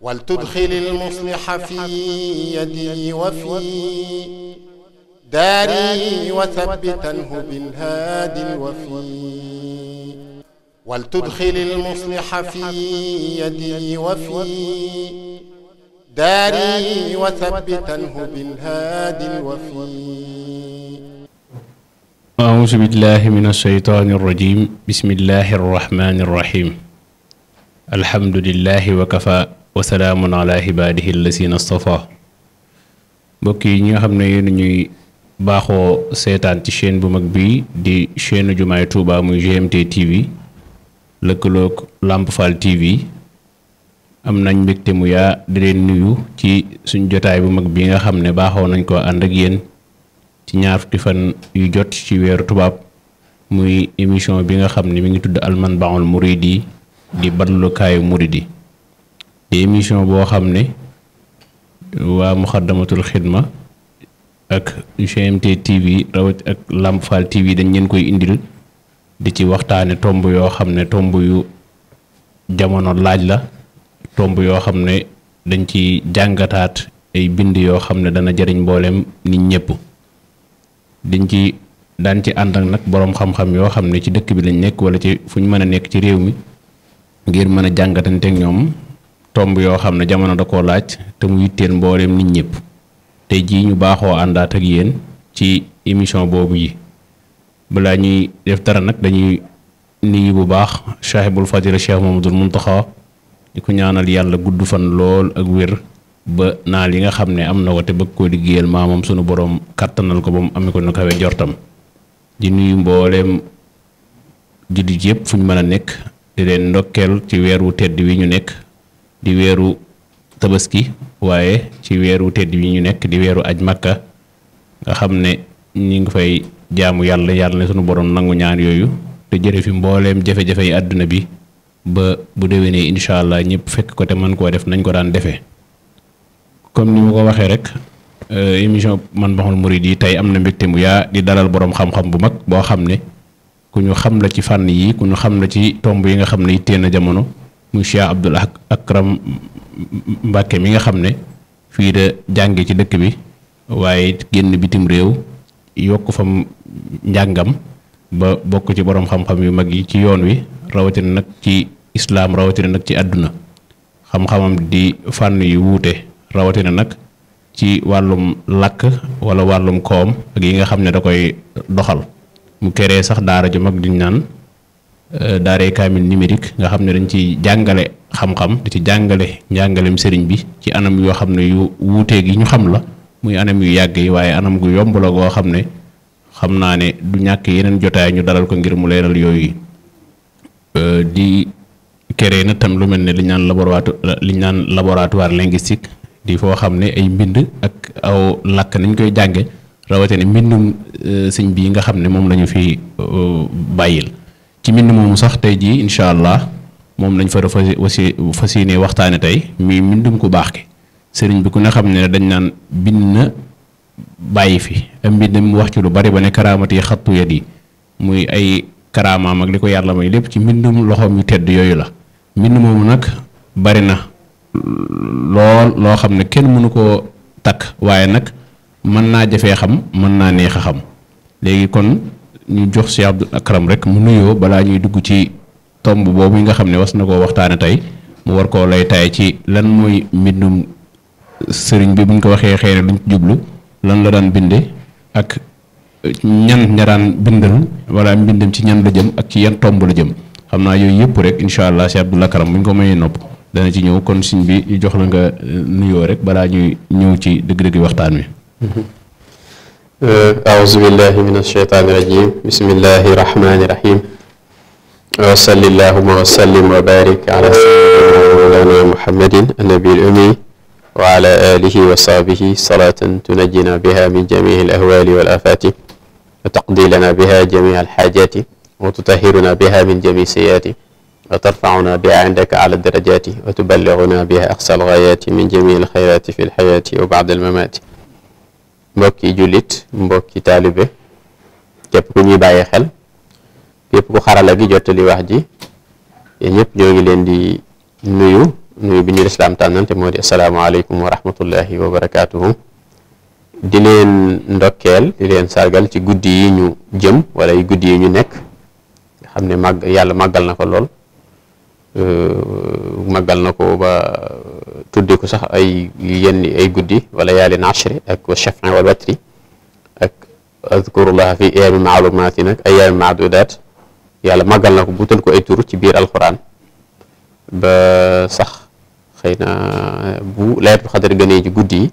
ولتدخل المصلح في يدي وفي داري وثبتنه بالهادي الوفي ولتدخل المصلح في يدي وفي داري وثبتنه بالهادي الوفي أعوذ بالله من الشيطان الرجيم بسم الله الرحمن الرحيم الحمد لله وكفى wasalaamun ala ibaadihi allazina stafa mbokk yi ñi nga xam ne yéen ñuy baaxoo seetaan ci chaîne bu mag bi di chaîne jumaay Touba muy GMT TV lëkkaloog Lamp Fall TV am nañ mbégte mu yaa di leen nuyu ci suñ jotaay bu mag bi nga xam ne baaxoo nañ ko ànd ak yéen ci ñaar fukki fan yu jot ci weeru tubaab muy émission bi nga xam ne mi ngi tudd alman baul muridi di badlukaayu muridi di émission boo xam ne waa Muxaddamatul Xidma ak GMT TV rawat ak Lamp Fall TV dañ leen koy indil di ci waxtaane tomb yoo xam ne tomb yu jamono laaj la tomb yoo xam ne dañ ci jàngataat ay bind yoo xam ne dana jariñ mboolem nit ñëpp dañ ci daan ci ànd ak nag boroom xam-xam yoo xam ne ci dëkk bi lañ nekk wala ci fu ñu mën a nekk ci réew mi ngir mën a jàngatanteeg ñoom tomb yoo xam ne jamono da ko laaj te mu yitteel mbooleem nit ñëpp tey jii ñu baaxoo àndaat ak yéen ci émission boobu yi balaa ñuy def dara nag dañuy nuyu bu baax saahibul fadila cheikh mamadul muntaxa di ko ñaanal yàlla gudd fan lool ak wér ba naa li nga xam ne am na ko te bëgg koo liggéeyal maamam sunu boroom kàttanal ko ba mu amee ko nu kawe jortam di nuyu mbooleem jullit yëpp fu ñu mën a nekk di leen ndokkeel ci weer wu tedd wi ñu nekk di weeru tabaski waaye ci weeru tedd yi ñu nekk di weeru aj makka nga xam ne ñu ngi fay jaamu yàlla yàlla ne sunu borom nangu ñaan yooyu te jëre fi mbooleem jafe-jafe yi àdduna bi ba bu déwénee incha allah ñëpp fekk ko te man koo def nañ ko daan defee comme ni ma ko waxee rek euh, émission man baxul murid yi tey am na mbégte mu yaa di dalal borom xam-xam bu mag boo xam ne ku ñu xam la ci fànn yii ku ñu xam la ci tomb yi nga xam ne yittee na jamono muy Cheikh Abdoul Akram Mbàkke mi nga xam ne fii da jànge ci dëkk bi waaye génn bitim réew yokk fam njàngam ba bokk ci boroom xam-xam yu mag yi ci yoon wi rawatina nag ci islaam rawatina nag ci àdduna xam-xamam di fànn yu wuute rawatina nag ci wàllum làkk walla wàllum koom ak yi nga xam ne da koy doxal mu keree sax daara ju mag di naan Euh, daaree kaamil numérique nga xam ne dañ ci jàngale xam-xam di ci jàngale njàngalem sëriñ bi ci anam yoo xam ne yu wuuteeg yi ñu xam la muy anam yu yàgg yi waaye anam gu yomb la goo xam ne xam naa ne du ñàkk yeneen jotaay ñu dalal ko ngir mu leeral yooyu euh, di créer na tam lu mel ne li ñu naan laboratoire li ñu naan laboratoire linguistique di foo xam ne ay mbind ak aw làkk nañ koy jànge rawatina mbindum euh, sëñ bii nga xam ne moom lañu fi bàyyil ci mbind moomu sax tey jii incha allah moom lañ fa fas yéene waxtaane tey mii mbindum ku baax ki sëriñ bi ku ne xam ne dañ naan bind na bàyyi fi am mbind mu wax ci lu bari ba ne karaamati xattu yat yi muy ay karaamaam ak li ko yàlla may lépp ci mbindum loxoom yu tedd yooyu la mbind moomu nag bari na lool loo xam ne kenn mënu koo takk waaye nag mën naa jafee xam mën naa neex a xam léegi kon ñu jox si Abdou Akram rek mu nuyoo balaa ñuy dugg ci tomb boobu yi nga xam ne was na koo waxtaane tey mu war koo lay tay ci lan mooy mbindum sëriñ bi buñ ko waxee xëy na luñ jublu lan la daan binde ak ñan ña daan bindal wala mbindam ci ñan la jëm ak ci yan tomb la jëm xam naa yooyu yëpp rek incha allah si Abdou Akram buñ ko mayee nopp dana ci ñëw kon siñ bi jox la nga nuyoo rek balaa ñuy ñëw ci dëgg-dëgg waxtaan wi أعوذ بالله من الشيطان الرجيم بسم الله الرحمن الرحيم وصلى اللهم وسلم وبارك على سيدنا مولانا محمد النبي الأمي وعلى آله وصحبه صلاة تنجينا بها من جميع الأهوال والآفات وتقضي لنا بها جميع الحاجات وتطهرنا بها من جميع السيئات وترفعنا بها عندك على الدرجات وتبلغنا بها أقصى الغايات من جميع الخيرات في الحياة وبعد الممات mbokki jullit mbokki taalibe képp ku ñuy bàyyi xel képp ku xarala gi jottali wax ji yéen ñëpp ñoo ngi leen di nuyu nuyu bi ñu lislaam tànnan te moo di asalaamaaleykum wa rahmatullahi wa barakaatuhu di leen ndokkeel di leen sargal ci guddi yi ñu jëm wala yi guddi yi ñu nekk xam ne màgg yàlla màggal na ko lool màggal na ko ba tuddee ko sax ay yenn ay guddi wala yaalin ashri ak wa wal watri ak azkurullah fi ayaami maalumaat yi nag ayaami maadudaat yàlla màggal na ko bu buutal ko ay tur ci biir alquran ba sax xëy na euh, bu laylatul xadar gënee ci guddi yi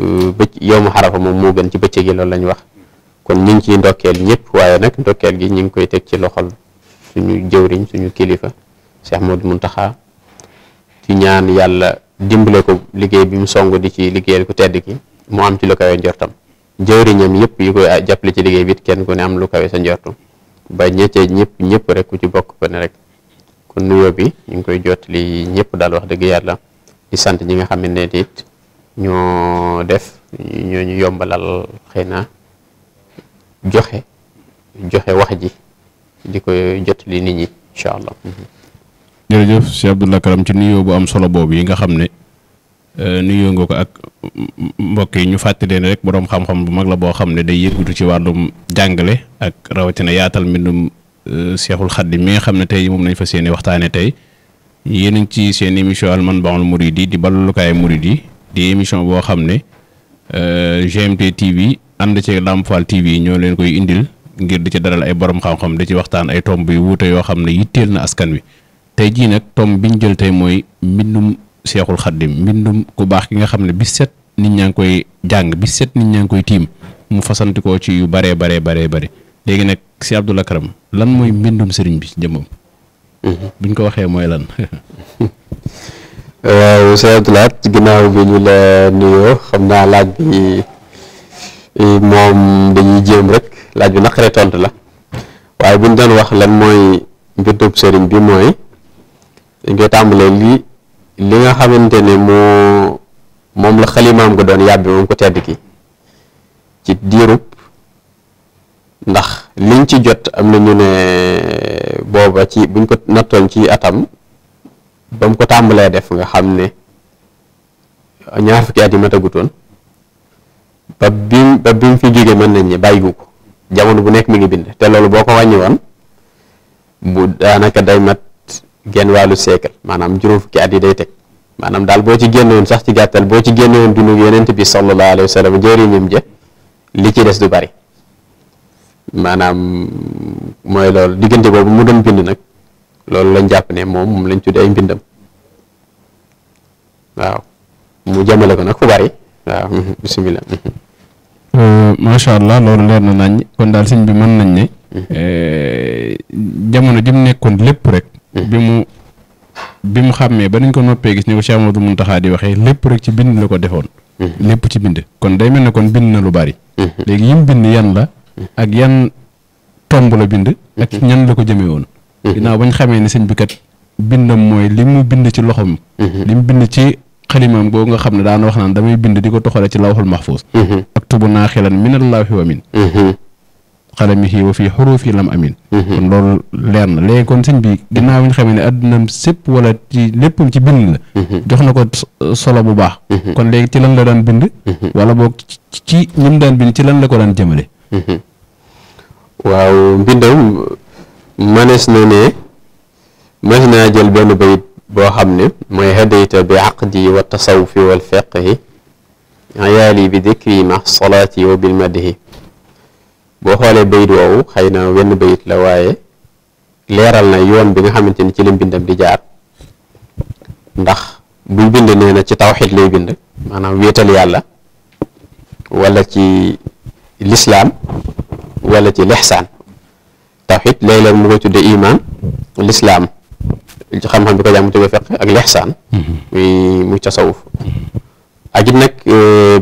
euh, bëcc yowmu xarafa moom moo gën ci bëccëg yi loolu lañ wax kon ñu ngi ciy ndokkeel ñëpp waaye nag ndokkeel gi ñu ngi koy teg ci loxol suñu jëwriñ suñu kilifa Cheikh Modou Mountakha ci ñaan yàlla dimbale ko liggéey bi mu song di ci liggéeyal ku tedd ki moo am ci lu kawe njortam jëwriñam yëpp yi koy jàppale ci liggéey bi it kenn ku ne am lu kawe sa njortu ba ñettee ñëpp ñëpp rek ku ci bokk ko ne rek kon nuyoo bi ñu ngi koy jot li ñëpp daal wax dëgg yàlla di sant ñi nga xamante ne it ñoo def ñoo ñu yombalal xëy na joxe joxe wax ji di ko jotli nit ñi incha allah. jërëjëf si Abdoulaye Karam ci nuyoo bu am solo boob yi nga xam ne euh, nuyoo nga ko ak mbokk yi ñu fàttali leen rek boroom xam-xam bu mag la boo xam ne day yëngatu ci wàllum jàngale ak rawatina yaatal mbindum Seexul euh, Xaddim mi nga xam ne tey moom nañ fa seen i waxtaanee tey yéen a ci seen émission Al Manbahoul Mouridi di ballukaay Mouridi di émission boo xam ne euh, GMT TV anda ci Lamp Fall TV ñoo leen koy indil ngir di ci daral ay borom xam-xam di ci waxtaan ay tomb yu wuute yoo xam ne na askan wi. tey jii nag tom ñu jël tey mooy mbindum seexul xaddim mbindum ku baax ki nga xam ne bi set nit ñaa ngi koy jàng bi set nit ñaa koy tiim mu fasantikoo ci yu baree baree baree bëri léegi nag si Abdou Lahad Karam lan mooy mbindum sëriñ bi jëmmam mhm. buñ ko waxee mooy lan waaw sëriñ Abdou Lahad ginnaaw bi jéem rek laaj la waaye buñ doon wax lan mooy mbindum sëriñ bi mooy dañ koy tàmbalee li li nga xamante ne moo moom la xalimaam ko doon yàbbi moom ko tedd ki ci diirub ndax liñ ci jot am na ñu ne booba ci buñ ko nattoon ci atam ba mu ko tàmbalee def nga xam ne ñaar fukki at yi matagutoon ba bi ba bi fi jógee mën nañ ne bàyyigu ko jamono bu nekk mi ngi bind te loolu boo ko wàññi woon bu daanaka day mat genn wàllu siècle maanaam juróom fukki at yi day teg maanaam daal boo ci génnewoon sax ci gàttal boo ci génnewoon dundu yonent bi sallallahu alayhi wa sallam jëriñam ja li ci des du bari maanaam mooy loolu diggante boobu mu doon bind nag loolu lañ jàpp ne moom lañ tuddee ay mbindam waaw mu jëmale ko nag fu bari waaw euh, allah loolu leer na nañ kon daal sëñ bi mën nañ ne. Mm-hmm. Euh, jamono jim nekkoon lépp rek. Mm-hmm. bi mu bi mu xàmmee ba nañ ko noppee gis ni ko Cheikh Amadou Mountakha di waxee lépp rek ci bind la ko defoon. Mm-hmm. lépp ci bind kon day mel ne kon bind na lu bari. Mm-hmm. léegi yim bind yan la ak yan tomb la bind. ak ñan la ko jëmee woon. ginnaaw ñu xamee ne sëñ bi kat bindam mooy li mu bind ci loxoom. li mu bind ci xalimaam boobu nga xam ne daan wax naan damay bind di ko toxale ci lawxul maxfuus. ak tubu naa xilan min allaahi wa min xalamihi wa fii xuruufi lam amin mhm. kon loolu leer na léegi kon sëñ bi ginnaaw bi ñu xamee ne àddunam sépp wala ci léppam ci bind la mhm. jox na ko solo bu baax mhm. kon léegi ci lan la daan bind wala boog ci ñim daan bind ci lan la ko daan jëmale waaw mbindam manees na ne manees naa jël benn bayit boo xam ne mooy hadayta bi aqdi wa tasawufi wal fiqhi ayaali bi dikri ma salaati wa bil madhi boo xoolee bayit woowu xëy na wenn bayit la waaye leeral na yoon bi nga xamante ni ci la mbindam di jaar ndax buy bind nee na ci tawxid lay bind maanaam wéetal yàlla walla ci lislaam wala ci lixsaan tawxid léeg-léeg mu ko tudde iman lislaam ci xam-xam bi ko jàmm tudde fiq ak lixsaan mm-hmm. muy muy tasawuf mm-hmm. ak it nag euh,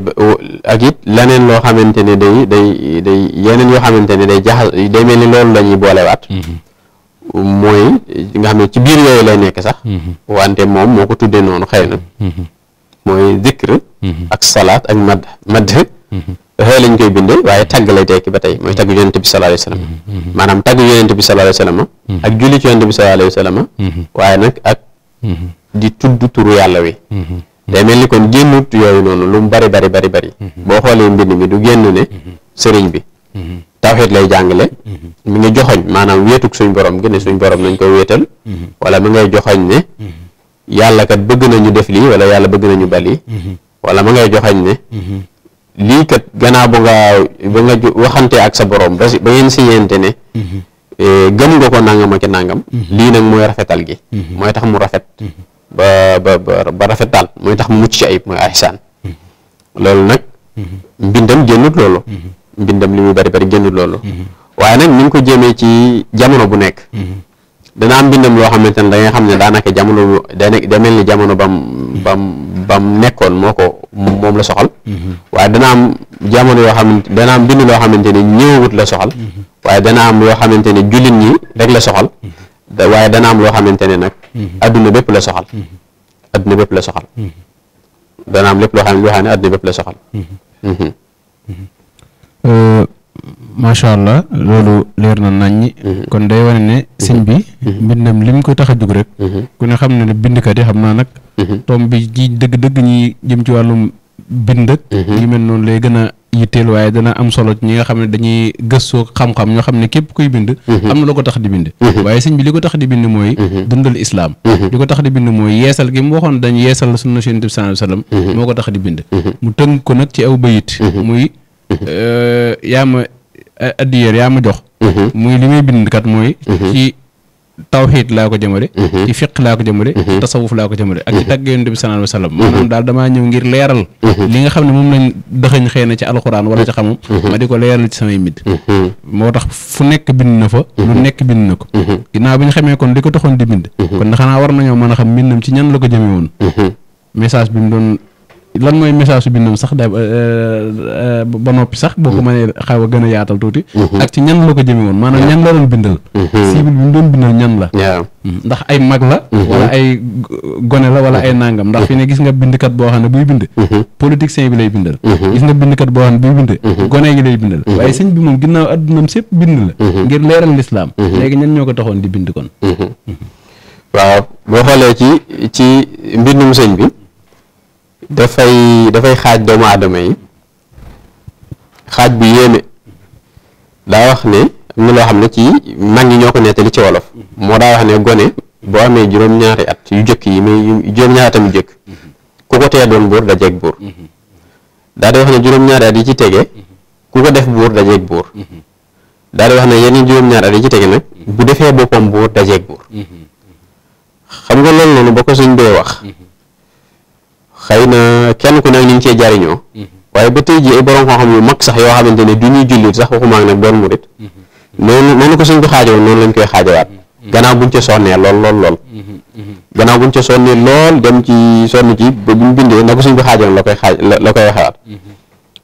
ak it leneen loo xamante ne day day day yeneen yoo xamante ne day jaxas day mel ni loolu la ñuy boolewaat mm-hmm. mooy nga xam ne ci biir yooyu lay nekk sax mm-hmm. wante moom moo ko tuddee noonu xëy na mm-hmm. mooy zikr ak salaat ak madd madd xëy lañ koy bindee waaye tagg lay tekki ba tey mooy tagg yonente bi sallallahu alayhi wa sallam maanaam tagg bi sallallahu alayhi wa sallam ak julli ci yonente bi sallallahu alayhi waaye nag ak di tudd turu yàlla wi day mel ni kon génnut yooyu noonu lu mu bari bari bari bari mhm. boo xoolee mbind mi du génn ne mhm. sëriñ bi mhm. tawxiid lay jàngale mu ngi joxoñ maanaam wéetug suñ borom gën ne suñ borom nañ ko wéetal wala mi ngay joxoñ ne yàlla kat bëgg nañu def lii wala yàlla bëgg nañu bali wala ma ngay joxoñ ne lii kat gannaaw ba nga ba nga waxante ak sa borom ba ba ngeen siñeente ne eh, gëm nga ko nangam ak nangam lii nag mooy rafetal gi mooy tax mu rafet ba ba ba rafet daal mooy tax mu mucc ci ayib mooy ahsaan mm-hmm. loolu nag mm-hmm. mbindam génnut loolu mm-hmm. mbindam li muy bari bari génnut loolu waaye nag ni ngi ko jéemee ci jamono bu nekk dana am mbindam loo xamante ne da xam ne daanaka jamono day nekk ni jamono bam bam bam nekkoon moo ko moom la soxal waaye dana am jamono yoo xamante dana mbind loo xamante ne ñëwut la soxal waaye dana am yoo xamante ne jullit ñi rek la soxal waaye dana am loo xamante ne nag adduna bépp la soxal mm-hmm. adduna bépp la soxal mm-hmm. dana lépp loo xam ne loo ne adduna bépp la soxal mm-hmm. Euh, macha allah loolu leer na naññi kon day wane ne sëñ bi mbindam lim ko tax a jóg rek ku ne xam ne ne bindkat yi xam naa nag tom bi ci dëgg-dëgg ñi jëm ci wàllum bind ak yi mel noonu lay gën a yitteel waaye dana am solo ñi nga xam ne dañuy gëstoo xam-xam ñoo xam ne képp kuy bind mhm. am na lu ko tax di bind mhm. waaye sëñ bi li ko tax di bind mooy mhm. dundal islaam li ko tax di bind mooy yeesal gi mu waxoon dañ yeesal sunna si yonent bi sallallahu alayhi wasallam moo ko tax di bind mu tënk ko nag ci aw bayit muy euh, yaa ma addiyeer yaa ma jox muy li muy bind kat mooy ci tawxiid laa ko jëmale mhm. ci fiq laa ko jëmale mhm. tasawuf laa ko jëmale ak ci mhm. tàgg yonent bi sallallahu alayhi wasallam maanaam daal damaa ñëw ngir leeral li nga xam ne moom lañ dëxëñ xëy ci alxuraan wala ci xamam ma di ko leeral ci samay mbid moo tax fu nekk bind na fa lu nekk bind na ko ginnaaw bi ñu xamee kon li ko taxoon di bind kon xanaa war nañoo mën a xam mbindam ci ñan la ko jëme woon message bi mu doon lan mooy message su bindam sax da euh, euh, ba noppi sax boo ko mm-hmm. mënee xaw a gën a yaatal tuuti mm-hmm. ak ci ñan la ko jëme maanaam ñan la doon bindal mm-hmm. cible bi mu doon bindal ñan la ndax ay mag la wala ay gone la wala ay nangam ndax fi ne gis nga bindkat boo xam ne buy bind politicien bi lay bindal gis nga bindkat boo xam ne buy bind gone yi lay bindal waaye sëñ bi moom ginnaaw addunam sépp bind la ngir leeral lislaam léegi ñan ñoo ko taxoon di bind kon waaw boo xoolee ci ci mbindum sëñ bi dafay dafay xaaj doomu aadama yi xaaj bu yéeme daa wax ne am na loo xam ne ci mag ñi ñoo ko nettali ci wolof moo daa wax ne gone boo amee juróom-ñaari at yu jëkk yi mais yu juróom-ñaari atam yu jëkk ku ko tee ne juróom-ñaari at yi ci tege ku ko def buur dajeeg buur daa di wax ne yeneen juróom-ñaari at yi ci tege nag bu defee boppam buur dajeeg buur xam nga loolu noonu ba ko suñ bee wax xëy na kenn ku nekk ñu ngi cee jariñoo mhm. waaye ba tey jii ay borom xam-xam yu mag sax yoo xamante ne du ñuy jullit sax waxuma ak nag doon murit mhm. noonu noonu ko noonu lañ koy xaajawaat mhm. gannaaw buñ ca sonnee lool lool lool gannaaw buñ ca sonnee lool dem ci sonn ba buñ bindee na ko suñ ko xaajowoon la koy xaaj la koy waxewaat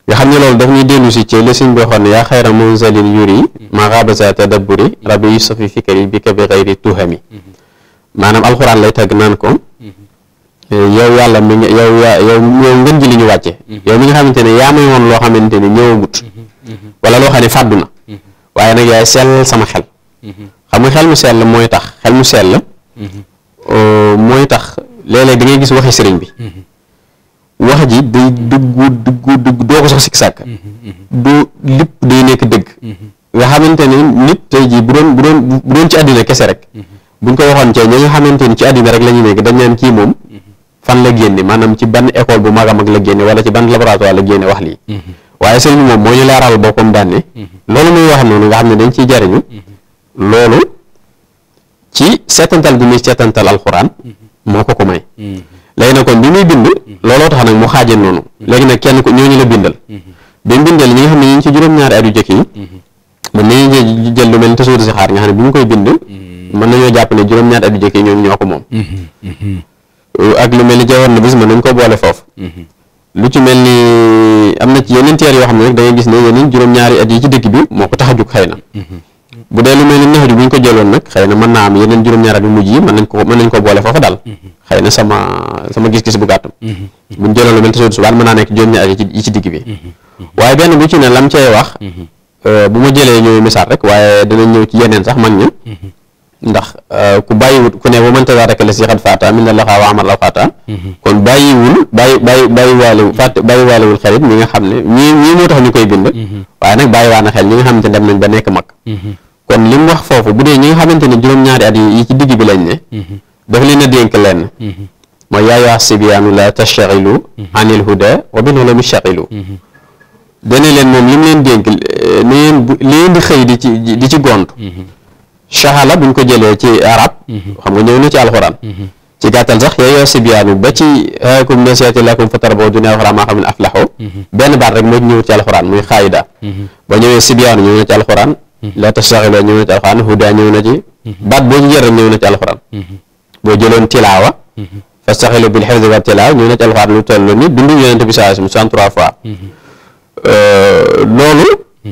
nga xam ne loolu daf ñuy dellu si ci li suñ boo xoon ne yaa xayra munzalin yuri ma xaabasa tadabburi rabbi yusafi fikari bi ka bi xayri tuhami maanaam alxuraan lay tagg naan ko yow yàlla mi nga yow yaa yow ngën ji li ñu wàcce mm-hmm. yow mi nga xamante ne yaa may woon loo xamante ne ñëwagut mm-hmm. mm-hmm. wala loo xam ne na waaye nag yaay sama xel xam nga xel mu sell mooy tax xel mu sell euh, mooy tax léeg da ngay gis waxi sëriñ bi wax ji day dugg dugg dugg doo ko sax sikk sàkk du lépp day nekk dëgg nga xamante ne nit tey jii bu doon bu doon bu doon ci àddina kese rek buñ ko waxoon ci ñi nga xamante ni ci àddina rek la ñu nekk dañ naan kii moom fan la génne maanaam ci ban école bu mag a la génne wala ci ban laboratoire la génne wax lii mm-hmm. waaye sëñ bi moom moo ñu leeral boppam daan ne mm-hmm. loolu muy wax noonu nga xam ne dañ ciy jariñu mm-hmm. loolu ci seetantal gi muy seetantal alxuraan moo ko ko may léegi nag kon bi muy bind looloo tax nag mu xaaje noonu léegi nag kenn ko ñu la bindal bi mu bindal ñi nga xam ne ñu ci juróom-ñaari at yu jëkk yi mën nañu jël lu mel ni tasuudu si xaar nga xam ne bi mu koy bind mën nañoo jàpp ne juróom-ñaari at yu jëkk ko moom Euh, ak lu mel ni na bis ma nañ ko boole foofu mhm. lu ci mel ni am na ci yeneen teer yoo xam ne rek da gis ne yeneen juróom-ñaari at yi ci dëkk bi moo ko tax a jug xëy na mhm. bu dee lu mel ni naxaju bu ko jëloon nag xëy na mën naa am yeneen juróom-ñaari at yu mujj yi ko mën nañ ko boole foofu daal mhm. xëy na sama sama gis-gis nekk juróom-ñaari at yi ci digg bi waaye benn bu ci ne lam cay wax euh, bu ma jëlee ñëw misaal rek waaye dana ñëw ci yeneen sax mag ñi ndax euh, ku bàyyiwut ku ne wa man tazaaraka la si xat faata min allaha wa amal la faata mhm. kon bàyyiwul bàyyi bàyyi bàyyi waale fàtte bàyyi waalewul xelit ñi nga xam ne ñii ñii moo tax ñu koy bind mhm. waaye nag bàyyi waa na xel ñi nga xamante ne dem nañ ba nekk mag mhm. kon li mu wax foofu bu dee ñi nga xamante ne juróom-ñaari at yi ci digg bi lañ ne dafa leen a dénk lenn mooy yaayaa sibiyaanu la tashaxilu anil huda wa bil ulumi shaxilu dane leen moom li mu leen dénk li leen di xëy di ci di ci gont shahala buñ ko jëlee ci arab mhm. xam nga ñëw na ci alxuraan mhm. ci gàttal sax yooyu sibiyaanu ba ci haykum nasiyati lakum fatarabbasu dunya ukhra ma xam ne aflaxu mhm. benn baat rek moo ñëw alxuraan muy xaayida ba ñëwee sibiyaanu ñëw na ci alxuraan la tastaxiloo ñëw na ci alxuraan huda ñëw na ci baat boo ci jël rek ñëw na ci alxuraan boo jëloon tilaawa fastaxilu bil xifdi wa tilaawa ñëw na ci alxuraan lu toll ni dundu yonente bi sallallahu alayhi wasallam 63 fois euh,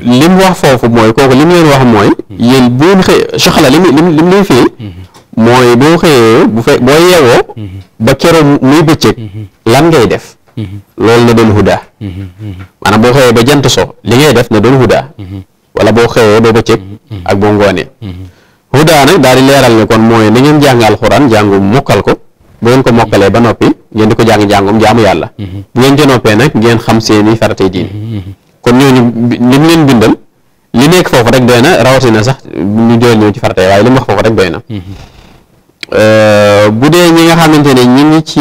li mu wax foofu mooy kooku li mu leen wax mooy. yéen bu ngeen xëy soxla li mu li mu leen mooy boo xëyee bu fe boo yeewoo. ba keroog muy bëccëg. lan ngay def. loolu la doon hudaa. maanaam boo xëyee ba jant so li ngay def na doon hudaa. wala boo xëyee ba bëccëg. ak boo ngoonee. hudaa nag daal di leeral ne kon mooy na ngeen jàng alxuraan jàngu mokkal ko. bu ngeen ko mokkalee ba noppi ngeen di ko jàng jàngum jaamu yàlla. bu ngeen ca noppee nag ngeen xam seeni farate diin. kon ñooñu lim leen bindal li nekk foofu rek doy na rawatina sax ñu doyal ñëw ci farata waaye li mu wax foofu rek doy na mm-hmm. euh, bu dee ñi nga xamante ne ñi ngi ci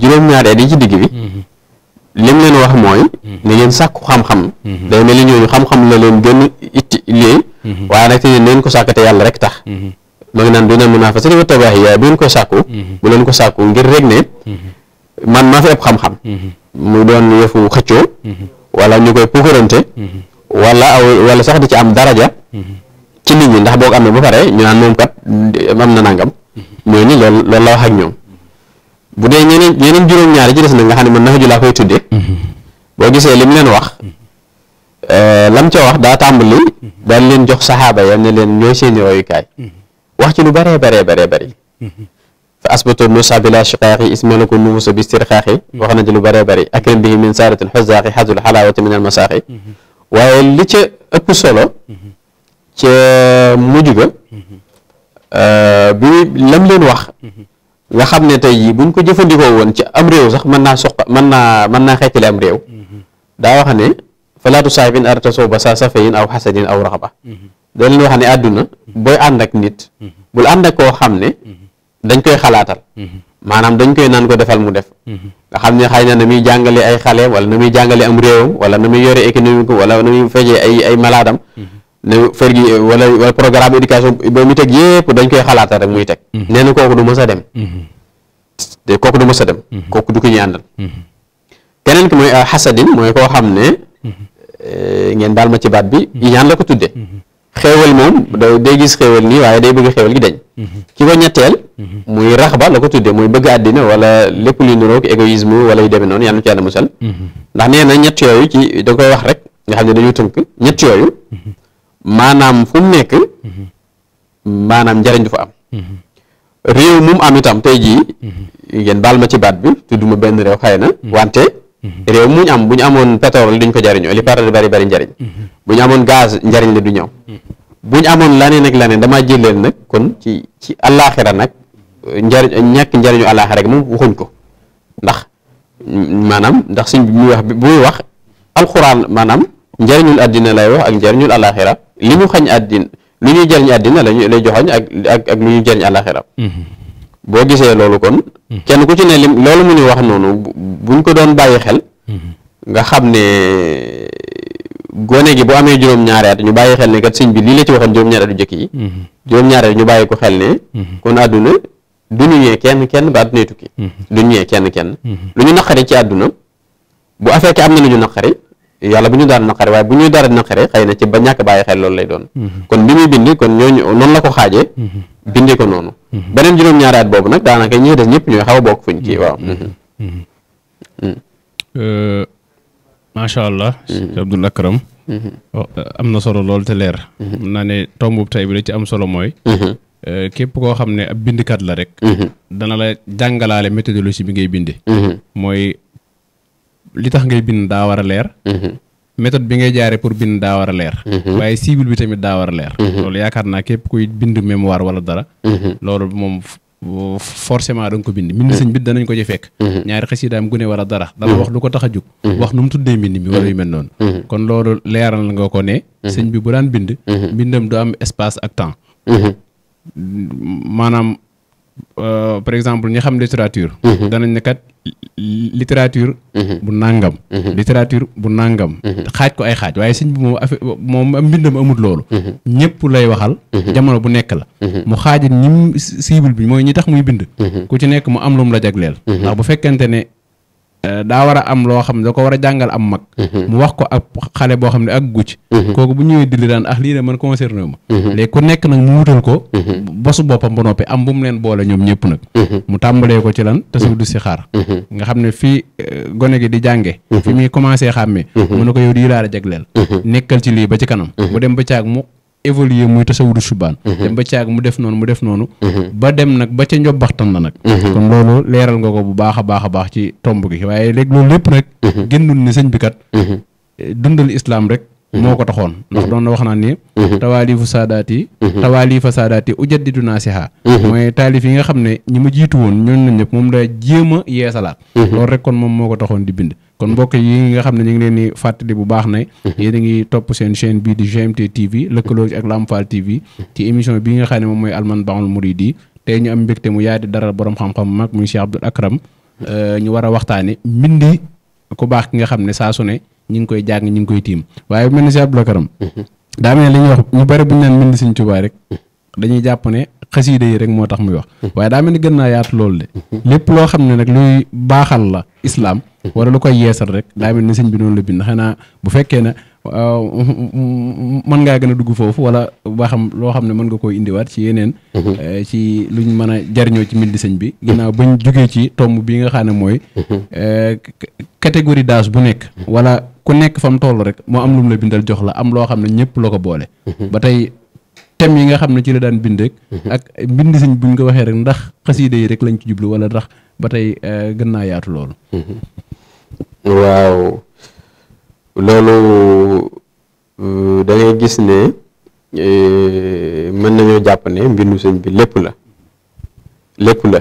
juróom ñaaree at ci digg bi mm-hmm. lim leen wax mooy mm-hmm. ne ngeen sàkku xam-xam day mel ni ñooñu xam-xam la leen gën itti lii waaye nag te neen ko sàkkate yàlla rek tax ma ngi naan dina mën naa fa sëriñ tabaax ko sàkku bu leen ko sàkku ngir rek ne man maa fi ëpp xam-xam mu doon yëfu xëccoo wala ñu koy puukarante wala aw wala sax di ci am daraja ci nit ñi ndax boo ko amee ba pare ñu naan moom kat am na nangam ñooñu loolu loolu la wax ak ñoom bu dee ñeneen ñeneen juróom-ñaar yi ci des nag nga xam ne man nafa ju laa koy tuddee boo gisee lim leen wax euh, lam ca wax daa tàmbali daal leen jox saxaaba yam ne leen ñooy seeni royukaay wax ci lu baree baree baree bari fa asbatu nusa bila shiqaaqi ismala ko nuusa bi stirxaaxi wax na ci lu bëree bëri min saaratil xuzaaxi xasul xalaawati min al waaye li ca ëpp solo ca mujj euh, bi lam leen wax nga xam ne tey jii buñ ko jëfandikoo woon ci am réew sax man naa suq mën naa mën naa xeccale am réew daa wax ne falaatu saahibin arata sooba saa safayin aw xasadin aw raxba da wax ne àdduna booy ànd ak nit bul ànd ak koo xam ne dañ koy xalaatal mhm. maanaam dañ koy naan ko defal mu def mhm. nga xam ne xëy na na muy jàngale ay xale wala na muy jàngale am réewam wala na muy yore économique wala na muy fejee ay ay malaadam mhm. ne fer gi wala wala programme éducation ba muy teg yëpp dañ koy xalaatal rek muy teg nee na kooku du mës a dem te kooku du mës a dem kooku du ko ñu àndal keneen ki mooy xasadin ah, mooy koo xam ne eh, ngeen baal ma ci baat bi iñaan la ko tudde xéewal moom da day gis xéewal nii waaye day bëgg xéewal gi dañ mhm. ki ko ñetteel mhm. muy rax ba la ko tuddee muy bëgg àddina wala lépp luy niroog égoïsme wala yu demee noonu yàlla na ci yàlla musal mhm. ndax nee na ñett yooyu ci da koy wax rek nga xam ne dañu tënk ñett yooyu maanaam fu mu nekk maanaam njariñ du fa am réew mu am itam tey jii ngeen baal ma ci baat bi tudduma benn réew xëy na wante Mm-hmm. réew muñu am bu ñu amoon pétrole duñ ko jariñoo li pétrole bari bari njariñ mm-hmm. bu ñu amoon gaz njariñ la du ñëw mm-hmm. bu ñu amoon laneen ak laneen damaa jëleen nag kon ci ci àllaaxira nag njariñ ñàkk njariñu àllaaxira rek moom waxuñ ko ndax maanaam ndax suñ muy wax bu wax alxuraan maanaam njariñul àddina lay wax ak njariñul àllaaxira li ñu xañ àddina lu ñuy jariñ àddina lañu lay joxoñ ak ak ak lu ñuy jariñ àllaaxira boo gisee loolu kon hmm. kenn ku ci ne lim loolu mu ñu wax noonu buñ ko doon bàyyi xel hmm. nga xam ne gone gi bu amee juróom-ñaari ñu bàyyi xel ne kat sëñ bi lii la ci waxoon juróom-ñaari jëkk yi hmm. juróom-ñaari ñu bàyyi ko xel ne kon àdduna du ñu ñee kenn kenn ba àddunay tukki du ñu ñee kenn kenn lu ñu naqari ci àdduna bu afekkee am na lu ñu naqari yàlla bu ñu daan naqare waaye bu ñuy dara naqare xëy na ci ba ñàkk bàyyi xel loolu lay doon kon li muy bind kon ñooñu noonu la ko xaaje bindee ko noonu Mhm. beneen juróom-ñaari boobu nag daanaka ñi des ñëpp ñooy xaw a bokk fuñ kii mhm. waaw. Mhm. Euh, macha allah. Abdul Akram. Oh, am na solo lool te leer. mën naa ne tomb bu tey bi la ci am solo mooy. Euh, képp koo xam ne ab bindkat la rek. dana la jàngalaale méthodologie bi ngay binde mooy li tax ngay bind daa war a leer. méthode bi ngay jaaree pour bind daa war a leer. Mhm. waaye cible bi tamit daa war a leer. Mhm. loolu yaakaar naa képp kuy bind mémoire wala dara. Mhm. loolu moom forcement da nga ko bind. mbind sëñ bi danañ ko ci fekk. ñaari xasidaam gune wala dara. dana wax lu ko tax a jóg. wax nu mu tuddee mbind mi wala yu mel kon loolu leeral nga ko ne. sëñ bi bu daan bind. mbindam du am espace ak temps. maanaam euh, par exemple ñi xam littérature. danañ ne kat. Mhm. Mhm. littérature bu nàngam littérature bu nàngam mhm. xaaj ko ay xaaj waaye sëñ bi moom affaire moom mbindam amut loolu ñëpp lay waxal jamono bu nekk la mu xaajal ñim cible bi mooy ñi tax muy bind ku ci nekk mu am lu mu la jagleel ndax bu fekkente ne Euh, daa war a am loo xam ne da ko war a jàngal am mag mhm. mu wax ko ak xale boo xam ne ak gucc mhm. kooku bu ñëwee di li daan ah lii de man concerné ma mhm. léegi ku nekk nag mu wutal ko bosu boppam ba noppi am bu mu leen boole ñoom ñëpp nag mu tàmbalee ko ci lan tasawudu si xaar nga xam ne fii euh, gone gi di jànge fi muy commencé xàmmee mu ne ko yow di laa la nekkal ci lii ba ci kanam bu dem ba caag mu évoluer muy tasawudu subaan mhm. dem ba caag mu def noonu mu def noonu mhm. ba dem nag ba ca njobbaxtan la nag mhm. kon loolu leeral nga ko bu baax a baax a baax ci tomb gi waaye léegi loolu lépp nag génnul ne sëñ bi kat eh, dundal islaam rek moo ko taxoon ndax doon na wax naan ni tawaalifu saadaat yi tawaalifa saadaat yi ujaddidu naasiha mooy taalif yi nga xam ne ñi ma jiitu woon ñooñu la ñëpp moom da jéem a yeesalaat loolu rek kon moom moo ko taxoon di bind kon mbokk yi nga xam ne ñu ngi leen di fàttali bu baax na mhm. yéen a ngi topp seen chaîne bii di GMT TV lëkkaloo ak Lamp Fall TV ci émission bi nga xam ne moom mooy Al-Manbahul Mouridi tey ñu am mbégte mu yaay di daral borom xam-xam mag muy Cheikh Abdoul akaram euh, ñu war a waxtaane mbindi ku baax ki nga xam ne saa su ne ñi ngi koy jàng ñi ngi koy tiim waaye mel ni Cheikh Abdoul mhm. daa mel li ñuy wax ñu bëri bu ñu naan mbindi Sëñ Tuubaa rek mhm. dañuy jàpp ne xasiida yi rek moo tax muy wax waaye daa mel ni gën naa yaatu loolu de lépp loo xam ne nag luy baaxal la islaam wala lu koy yeesal rek daa mel ni bi noonu la bind xanaa bu fekkee ne mën ngaa gën a dugg foofu wala ba xam loo xam ne mën nga koy indiwaat ci yeneen. Mhm. Eh, ci luñ mën a jariñoo ci mbind sëñ bi. ginnaaw bañ jógee ci tomb bi nga xam ne mooy. Mhm. Eh, catégorie d'âge bu nekk. wala ku nekk fa mu rek moo am lu la bindal jox la am loo xam ne ñëpp la ko boole. Mhm. ba tey thème yi nga xam ne ci la daan bind rek. ak mbind sëñ buñ ko waxee rek ndax xasiide yi rek lañ ci jublu wala ndax ba tey eh, gën naa yaatu loolu. waaw loolu euh, da gis ne euh, mën nañoo jàpp ne mbindu sëñ bi lépp la lépp la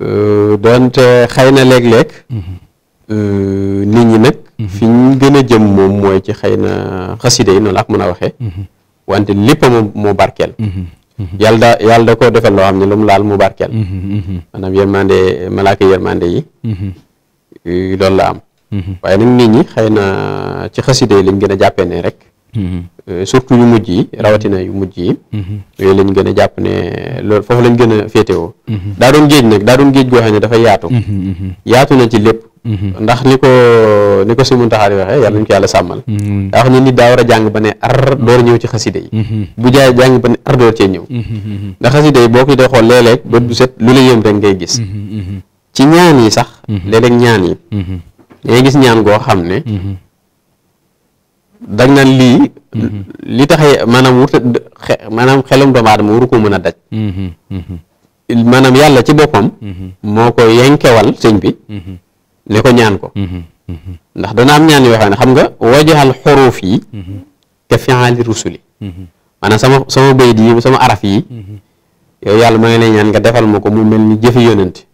euh, donte xëy na léeg-léeg mm-hmm. nit ñi nag mm-hmm. fi ñu gën a jëm moom mooy ci xëy na xasida yi noonu la ko mën a waxee mm-hmm. wante lépp mu moo barkeel yàlla da yàlla da ko defal loo xam ne lu mu laal mu barkeel maanaam yërmande malaaka yërmande yi yu loolu la am mhm. waaye nag nit ñi xëy na ci xasida yi lañ gën a jàppee ne rek mhm. euh, surtout yu mujj yi rawatina yu mujj yi mhm. yooyu lañ gën a jàpp ne loolu foofu lañ gën a féetewoo daa doon géej nag daa doon géej goo xam ne dafa yaatu yaatu na ci lépp ndax ni ko ni ko si muntaxaari waxee yàlla nañ ko yàlla sàmmal daa wax ne nit daa war a jàng yi bu jaay jàng ba ne ar ndax xasida yi boo ko dee xool léeg-léeg bët bu set lu la yëm rek ngay gis ci ñaan yi sax mhm. léeg-léeg ñaan yi mhm. dangay gis ñaan goo xam ne mhm. dag na lii li tax maanaam wurta maanaam xelum doomu aadama waru ko mën a daj maanaam yàlla ci boppam moo ko yenkewal sëñ bi ne ko ñaan ko ndax dana am ñaan yoo xam ne xam nga wajaxal xuruuf yi te fiali rusuli maanaam sama sama bayit yi sama araf yi yow la maa ngi lay ñaan nga defal ma ko mu mel ni jëfe yonent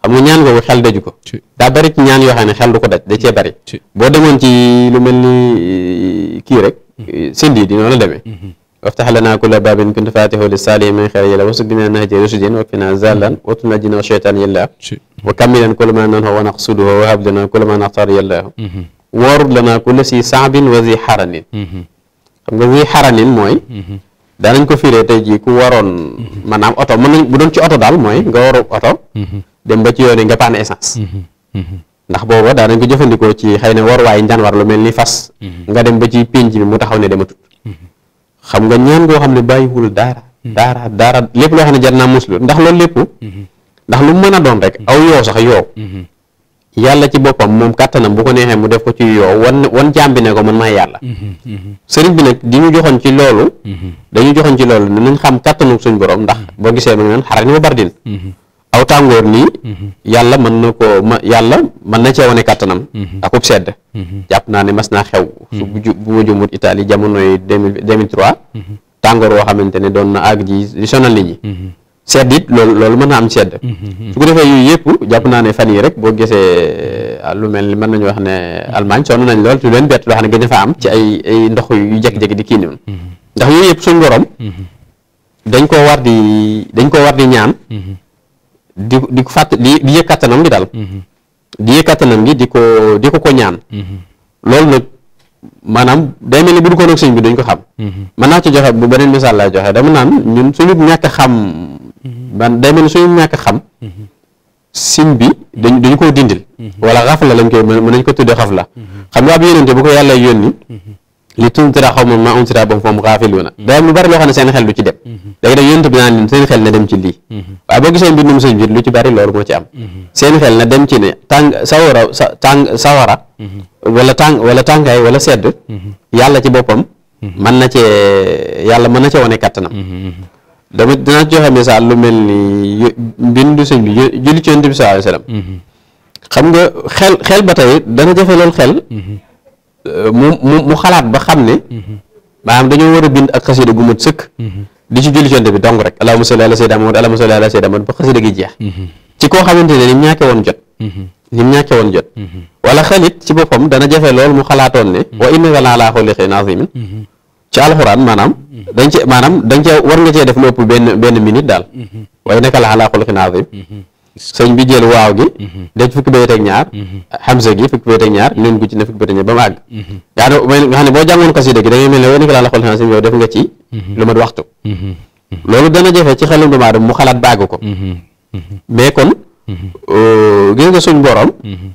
xam nga ñaan googu xel daju ko daa bari ci ñaan yoo xam ne xel du ko daj da cee bari boo demoon ci lu mel ni eh, kii rek hmm. eh, sindi di noonu la demee hmm. waftax lanaa kulla baabin kunta faatihahu lissaalihi min xayri yàlla wasuk dimina nahji rushidin wa qina zallan wa tunajjina wa cheytaan yàlla wa kammilan kulla ma nanhu wa naqsuduhu wa hab lana kulla ma naxtar yàlla woorut lanaa kulla si hmm. saabin wa zi xaranin xam daanañ ko firee tey jii ku waroon mhm. maanaam oto mën nañ bu doon ci oto daal mooy nga waru oto mhm. dem ba ci yoon yi nga paane essence mhm. ndax booba daanañ ko jëfandikoo ci xay ne war waaye njaan war lu mel ni fas nga dem ba ci pénc bi mu taxaw ne dama tut xam nga ñaan koo xam ne bàyyiwul daara daara daara lépp loo xam ne jar naa muslu ndax loolu lépp ndax lu mën a doon rek aw yoo sax yoo yàlla ci boppam moom kàttanam bu ko neexee mu def ko ci yow wan wan jaam bi ne ko man maay yàlla mm-hmm, mm-hmm. sëriñ bi nag di ñu joxoon ci loolu mm-hmm. dañu joxoon ci loolu ne nañ xam kàttanu suñ borom ndax boo gisee ma ngi naan xara bardin aw tàngoor nii yàlla mën na ko ma yàlla mën na cee wane kàttanam akub sedd jàpp naa ne mas naa xew su bu ma jumut Italie jamonoy deux mille trois tàngoor woo xamante ne doon na àgg ji di sonal nit ñi sedd it loolu loolu mën na am sedd mm-hmm, mm-hmm. su ko defee yooyu yëpp jàpp naa ne fan yi rek boo gisee ah, lu mel ni mën nañu wax ne Allemagne sonn nañ lool tu leen bett ne gën a am ci ay ay yu jékki-jékki di kii noonu mm-hmm. ndax yooyu yëpp suñ borom dañ koo war di dañ koo war di ñaan di di fàtt di di yëg kattanam gi daal di gi di ko di ko ko ñaan loolu nag maanaam day mel ni bu du ko nag sëñ bi duñ ko xam man naa ci joxe bu beneen misaal lay joxe dama naan suñu ñàkk xam man day mel ni suñu ñàkk xam mhm. sin bi dañ dañu koo dindil mhm. wala xafla lañ koy mën nañ ko tuddee la mhm. xam nga ab yónente bu ko yàlla yónni li tuntira xaw ma maa untira ba mu foom xaafiluuna day am lu bari loo xam ne seen xel du ci dem léegi nag yónente bi naan na dem ci bi lu ci bari loolu moo ci am seen xel na dem ci ne tàng sawara sa tàng sawara wala tàng wala tàngaay wala sedd yàlla ci boppam mën na cee yàlla mën na cee wane kattanam dama dinaa joxe misaal lu mel ni mbindu sëñ bi julli ci yonent bi sallallahu alayhi wasallam mm-hmm. xam nga xel xel ba tey dana jafe lool xel mm-hmm. euh, mu mu mu xalaat ba xam ne mm-hmm. maanaam dañoo war a bind ak xasida gu mat sëkk di ci julli ci bi dong rek allahumma salli ala sayyidina Muhammad allahumma salli ala ba xasida gi jeex ci koo xamante ne ni mu ñàkke woon jot ni mu ñàkke woon jot wala xelit ci boppam dana jafe lool mu xalaatoon ne wa innaka la'alaa xuluqin aziim ci alxuraan maanaam dañ cee maanaam dañ cee war nga cee def lu ëpp benn benn minute daal waaye naka la alaa xuluqin azim sëñ bi jël waaw gi daj fukki bayit ak ñaar hamza gi fukki bayit ak ñaar nun gu ci ne fukki bayit ak ñaar ba mu àgg nga xam ne boo jàngoon xasida gi da mel ne waaye naka la alaa xuluqin azim yow def nga ci lu mat waxtu loolu dana jafe ci xelum doomu aadama mu xalaat bàgg ko mm-hmm. mais kon mm-hmm. euh, gis nga suñ borom mm-hmm.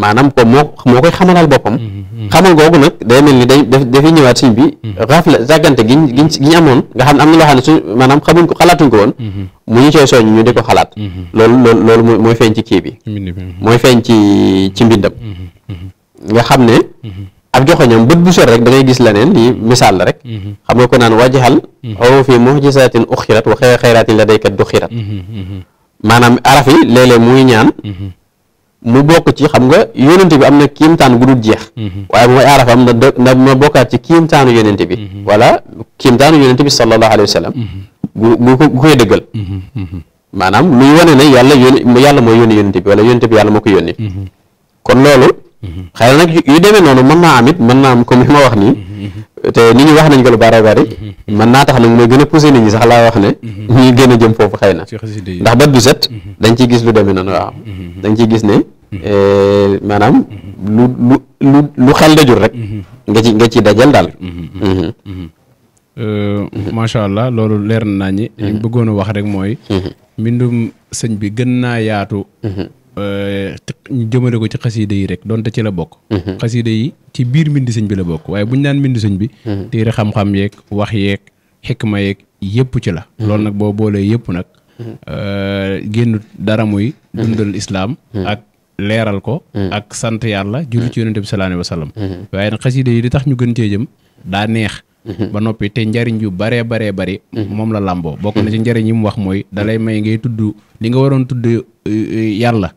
maanaam ko moo moo koy xamalal boppam mm-hmm, mm-hmm. xamal googu nag day mel ni day dafay ñëwaat sëñ bi mm-hmm. rafle jàggante giñ gi giñ amoon nga xam ne am na loo xam ne su maanaam xamuñ ko xalaatuñ ko woon mu ñu xalaat loolu loolu loolu mooy feeñ ci kii bi mooy feeñ ci ci mbindam nga xam ne ab joxoñam bët bu sor rek da ngay gis leneen lii misaal la rek xam nga ko naan wajhal aw fi mu'jizatin uxirat wa xayratin ladayka duxirat maanaam araf maanaam léeg-léeg muy ñaan mu bokk ci xam nga yónente bi am na kiimtaan gu dul jeex mhm. waaye bu mooy aarafa am na na ma bokkaat ci kiimtaanu yónente bi mhm. wala kiimtaanu yónente bi sallallahu alayhi wa sallam mhm. gu gu koy dëggal maanaam luy wane ne yàlla yónni yàlla mooy yónni yónente bi wala yónente bi yàlla moo ko yónni kon loolu xëy na nag yu demee noonu mën naa am it mën naa am comme li ma wax nii te nit wax nañ ko lu bare man naa tax nag mooy gën a poussé nit ñi sax laa wax ne mhm. ñuy gën a jëm foofu xëy na ndax bët bu set mhm. dañ ciy gis lu demee noonu waaw mhm. dañ ciy gis ne eh, maanaam lu lu lu lu xel dajul rek nga ci nga ci dajal daal euh, macha allah loolu leer na ñi bëggoon a wax rek mooy mbindum sëñ bi gën naa yaatu ñu euh, jëmale ko ci xasida yi rek donte ci la bokk. Mhm. xasida yi ci biir mbindi sëñ bi la bokk waaye bu ñu naan mbindi sëñ bi. Mhm. téere xam-xam yeeg wax yeeg xikma yeeg yëpp ci la. Mhm. loolu nag boo boolee yëpp nag. Euh, génn dara muy. dundal islaam ak leeral ko. ak sant yàlla julli ci yonente bi sallallahu alayhi wa sallam. waaye nag xasida yi di tax ñu gën cee jëm daa neex. Mm-hmm. ba noppi te njariñ yu baree baree bari mm-hmm. moom la làmboo bokk na ci mm-hmm. njariñ yi mu wax mooy dalay may ngay tudd li nga waroon tudd uh, uh, yàlla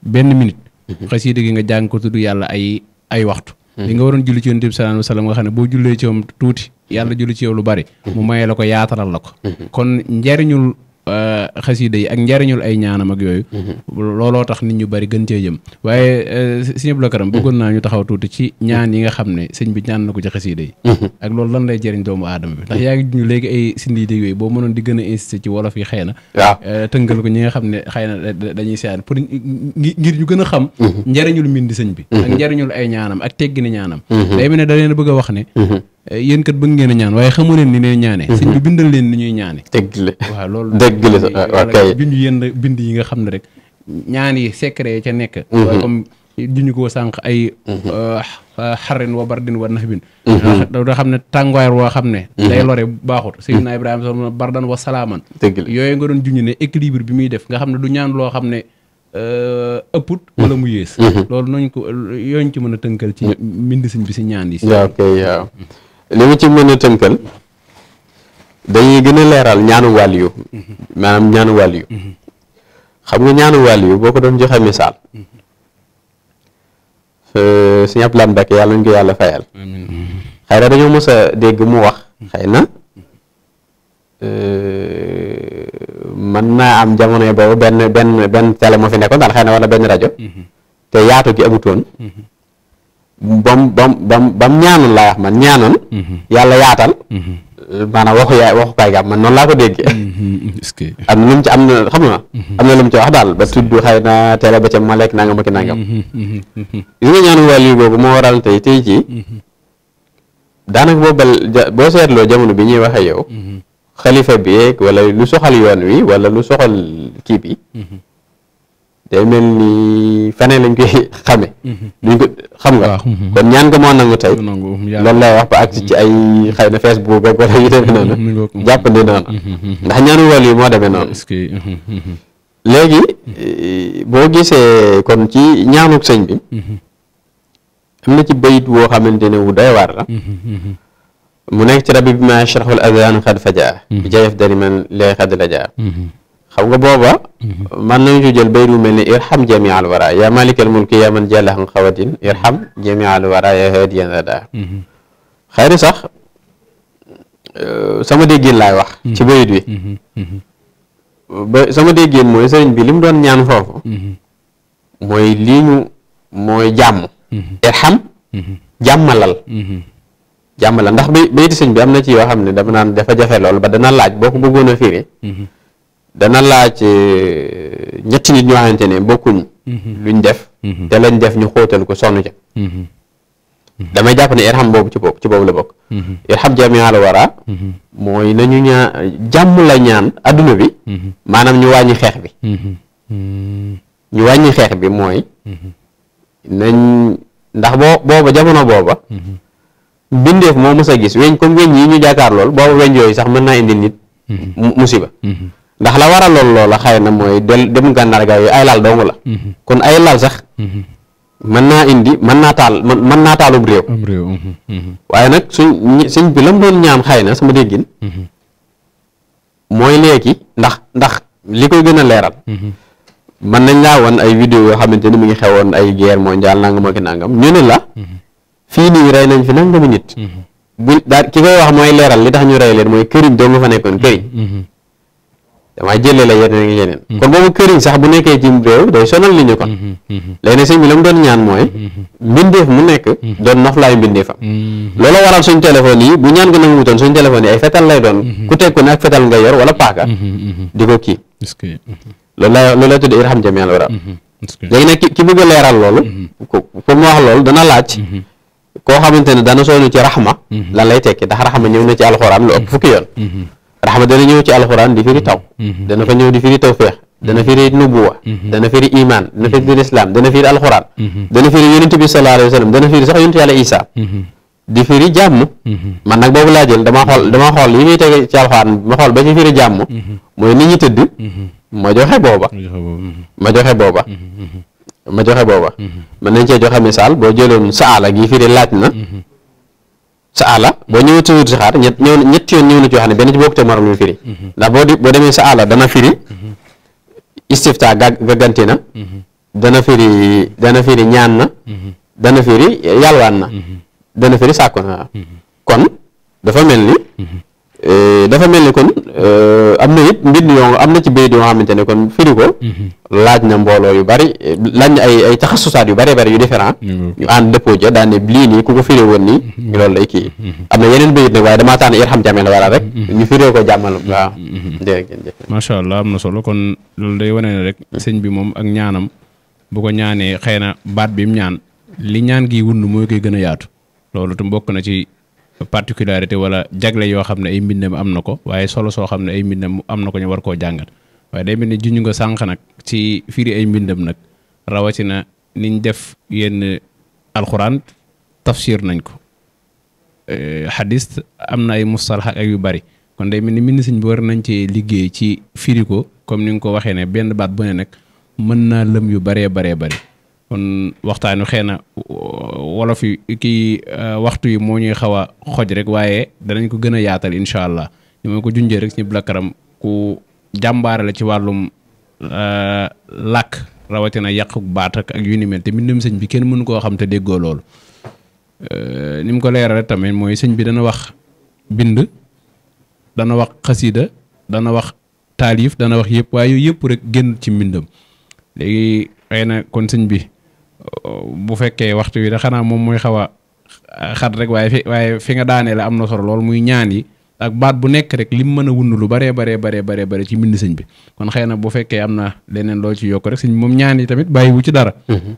benn minute xasida gi nga jàng ko tudd yàlla ay ay waxtu li nga waroon julli ci yonent bi sallallahu alayhi wasallam nga xam ne boo jullee ci moom tuuti yàlla julli ci yow lu bari mu mayee la ko yaatalal la ko kon njariñul Euh, xasida yi ak njariñul ay ñaanam ak yooyu mm-hmm. looloo tax nit ñu bari gën cee jëm waaye euh, sëñ Abdou Karam bëggoon naa ñu taxaw tuuti ci ñaan yi nga xam ne sëñ bi ñaan na ko ci xasida yi mm-hmm. ak lool lan lay jëriñ doomu aadama bi ndax yaa ngi ñu léegi ay sindi yooyu boo mënoon di gën a insisté ci wolof yi xëy na euh, tëngal ko ñi nga xam ne xëy na dañuy seetaan pour ngir ñu gën a xam mm-hmm. njariñul mbindi sëñ bi ak njariñul ay ñaanam ak teggini ñaanam day ne da leen bëgg a wax ne Eh, yéen kat bëgg ngeen ñaan waaye xamu leen ni ne ñaane mhm. sëñ bi bindal leen ni ñuy ñaane dëgg la waaw loolu dëgg la junj ah, yenn ah, bind yi nga xam ne rek ñaan yi secret ca nekk mhm. waaye comme junj ko sànq ay mhm. ah, xarin wa bardin wa nax bin da xam ne tàngoor woo xam ne day lore baaxut Seydina Ibrahima so bardan wa salaaman dëgg yooyu nga doon junj ne équilibre bi muy def nga xam ne du ñaan loo xam ne eh, ëpput wala mu yées loolu nooñ ko yooñ ci mën a tënkal ci mbind sëñ bi si ñaan yi si waaw kay waaw li ma ci mën a dañuy gën a leeral ñaanu wàliyu maanaam ñaanu wàll yu xam nga ñaanu yu boo ko doon joxe misaal euh, si Abdou Lahad Mbacké yàlla ñu ko yàlla fayal xëy na dañoo mës dégg mu wax xëy na euh, mën naa am jamono boobu benn benn benn télé moo fi nekkoon daal xëy na wala benn rajo mhm. te yaatu gi amutoon mhm. bam bam bam bam ñaanoon laa wax man ñaanoon mhm. yàlla yaatal mhm. euh, maanaa waxu yaay waxu kaay gaab man noonu laa ko déggee mhm. am na lu mu ci am na xam nga am na lu mu ci wax daal ba tudd xëy na teele ba ca malek nangam ak nangam li nga ñaanu wàllu boobu moo waral tey tey jii daanaka boo bal boo seetloo jamono bi ñuy waxee yow xalifa bi yeeg wala lu soxal yoon wi wala lu soxal kii bi day mel ni feneen lañ koy xame duñ mhm. ko xam nga mhm. kon ñaan nga moo nangu tey loolu lay wax ba ak ci ay xëy na Facebook ak wala yu demee noonu mhm. jàpp ne noonu ndax ñaanu wàll yi moo demee noonu léegi eh, boo gisee kon ci ñaanuk sëñ bi am na ci bayit woo xamante ne wu doy waar la mu nekk ci rabbi bi ma sharxul azaan xad fajaa bi jayef dari man lay xad la jaar xam nga booba man mhm. nañu ci jël bayt bu mel ni irham jami al wara yaa malikal mulki yaa man jalla xam xawatin irham jami al wara yaa hadiyan rada mhm. xëy na sax euh, sama déggéen laay wax mhm. ci bayt bi ba sama déggéen mooy sëriñ bi li mu doon ñaan foofu mooy lii ñu mooy jàmm irham jàmmalal jàmmalal ndax bay bayti sëñ bi am na ci yoo xam ne dama naan dafa jafe lool ba dana laaj boo ko bëggoon a dana laaj eh, ñetti nit ñoo xamante ne bokkuñ mhm. luñ def mhm. te lañ def ñu xóotal ko sonn ca mhm. damay jàpp ne irham boobu ci boobu ci boobu la bokk irham jamial wara mooy nañu ñaa jàmm la ñaan àdduna bi maanaam ñu wàññi xeex bi ñu wàññi xeex bi mooy nañ ndax boo booba jamono booba mbindeef moo mës a gis weñ comme weñ yi ñu jàkkaar lool booba weñ yooyu sax mën naa indi nit musiba ndax la waral lool loola xëy na mooy del dem gànnaar gaa yooyu ay laal dong la mhm. kon ay laal sax man mhm. naa indi man naa taal mën naa taalub réew mhm, waaye nag suñ suñ bi lam doon ñaan xëy na sama déggin mooy léegi ndax ndax li koy gën a leeral man nañ laa woon ay vidéo yoo xamante ni mu ngi xewoon ay guerre mondiale nangam ak nangam ñu ne la fii nii rey nañ fi nangami nit bu daal ki koy wax mooy leeral li tax ñu rey leen mooy këriñ doo nga fa nekkoon damaa jëlee la yeneen ak yeneen mm-hmm. kon boobu këriñ sax bu nekkee ci réew day sonal li ñu kon mm-hmm. Mm-hmm. léegi nag sëñ bi la mu doon ñaan mooy mbindeef mu nekk doon noflaay mbindeefam loolu waral suñ téléphone yi bu ñaan ko nangu wutoon suñ téléphone yi ay fetal lay doon ku teg ko ne fetal nga yor wala paaka di ko kii loolu la loolu la tudd irham jamial wara léegi nag ki bëgg a leeral loolu pour mu wax koo xamante ne dana soonu ci raxma lan lay tekki ndax raxma ñëw na ci alxuraan lu ëpp fukki yoon raxma dana ñëw ci alxuraan di firi taw mm-hmm. Mm-hmm. dana fa ñëw di firi tawféex dana mm-hmm. firi nubuwa dana firi iman dana firi lislaam dana firi alxuraan dana firi yonente bi sallallahu alayhi wa sallam dana firi sax yonente yàlla isa di firi jàmm man nag boobu laa jël dama xool dama xool yi muy ci alxuraan ma xool ba ci firi jàmm mooy nit ñi ma joxe booba ma joxe booba ma joxe booba mën nañ cee joxe misaal boo jëloon saala gi firi laaj na sa àlla boo ñëwee sa wut si xaar ñett ñëw ñetti yoon ñëw na ci yoo xam ne benn ci bokk te morom lu firi mhm. ndax boo di boo demee sa àlla dana firi mhm. istifta gàggante na mhm. dana firi ñaan na dana firi yalwaan na dana firi sàkku na kon dafa mel ni Eh, dafa mel ni kon eh, am na it mbir yoo am na ci bayit yoo xamante ne kon firi ko mhm. laaj na mbooloo yu bari eh, laaj na ay ay taxasusaat yu bari bari yu différent ñu mhm. ànd dëppoo ja daan lii nii ku ko firi woon nii mhm. loolu lay kii am na yeneen bayit nag waaye damaa tànn yar xam jàmmee na wala rek ñu firee ko jàmmal waaw jërëjëf macha allah am na solo kon loolu day wone ne rek sëñ bi moom ak ñaanam bu ko ñaanee xëy na baat bi mu ñaan li ñaan gi wund mooy koy gën a yaatu loolu tam na ci particularité wala jagle yoo xam ne ay mbindam am na ko waaye solo soo xam ne ay mbindam am na ko ñu war koo jàngat waaye day mel ni juñu nga sànq nag ci firi ay mbindam nag rawatina niñ def yenn alxuraan tafsir nañ ko xadis eh, am na ay mustalax ak yu bari kon day mel ni mbind sëñ bi war nañ ci liggéey ci firi ko comme ni nga ko waxee ne benn baat bu ne nag mën naa lëm yu baree baree bari kon waxtaanu xëy na wolof yi kii euh, waxtu yi moo ñuy xaw a xoj rek waaye danañ ko gën a yaatal incha allah ni ma ko junjee rek si Blackaram ku jàmbaare ci wàllum euh, làkk rawatina yàqu baat ak yu ni mel te mbindum sëñ bi kenn mënu koo xam te déggoo loolu euh, ni mu ko leerale tamit mooy sëñ bi dana wax bind dana wax xasiida dana wax taalif dana wax yëpp waaye yooyu yëpp rek génn ci mbindam léegi xëy na kon sëñ bi bu fekkee waxtu wi da xanaa moom mooy xaw a xat rek waaye fi waaye fi nga daanee la am na solo lool muy ñaan yi ak baat bu nekk rek lim mën a wund lu baree baree baree baree bare ci mbind sëñ bi kon xëy na bu fekkee am na leneen loo ci yokk rek sëñ moom ñaan yi tamit bàyyiwu ci dara mm-hmm.